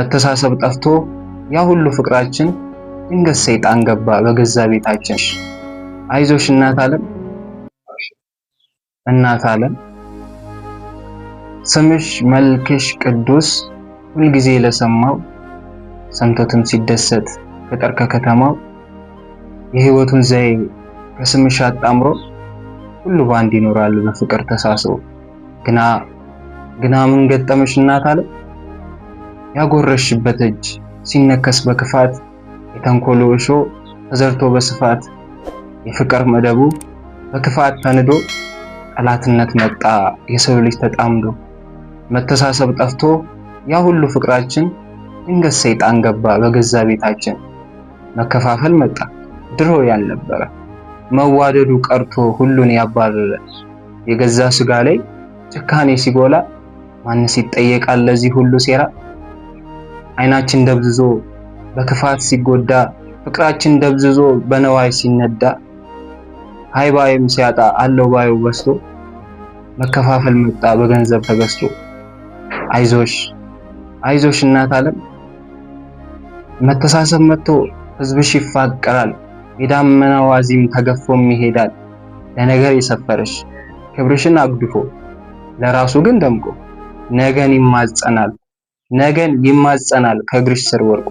መተሳሰብ ጠፍቶ ያ ሁሉ ፍቅራችን ድንገት ሰይጣን ገባ በገዛ ቤታችን። አይዞሽ እናት ዓለም እናት ዓለም ስምሽ መልክሽ ቅዱስ ሁልጊዜ ለሰማው ሰምቶትም ሲደሰት ገጠር ከከተማው የህይወቱን ዘዬ ከስምሽ አጣምሮ ሁሉ ባንድ ይኖራል በፍቅር ተሳስሮ ግና ግና ምን ገጠመሽ እናት ዓለም ያጎረሽበት እጅ ሲነከስ በክፋት የተንኮሉ እሾ ተዘርቶ በስፋት የፍቅር መደቡ በክፋት ተንዶ ጠላትነት መጣ የሰው ልጅ ተጣምዶ መተሳሰብ ጠፍቶ ያ ሁሉ ፍቅራችን ድንገት ሰይጣን ገባ በገዛ ቤታችን መከፋፈል መጣ ድሮ ያልነበረ መዋደዱ ቀርቶ ሁሉን ያባረረ የገዛ ስጋ ላይ ጭካኔ ሲጎላ ማንስ ይጠየቃል ለዚህ ሁሉ ሴራ አይናችን ደብዝዞ በክፋት ሲጎዳ፣ ፍቅራችን ደብዝዞ በነዋይ ሲነዳ፣ ሀይ ሲያጣ አለው ባዩ በስቶ፣ መከፋፈል መጣ በገንዘብ ተገዝቶ። አይዞሽ አይዞሽ እናት ዓለም መተሳሰብ መጥቶ ህዝብሽ ይፋቀራል። የዳመና ዋዚም ተገፎም ይሄዳል። ለነገር የሰፈረሽ ክብርሽን አግድፎ ለራሱ ግን ደምቆ ነገን ይማጸናል። ነገን ይማጸናል ከእግርሽ ስር ወርቆ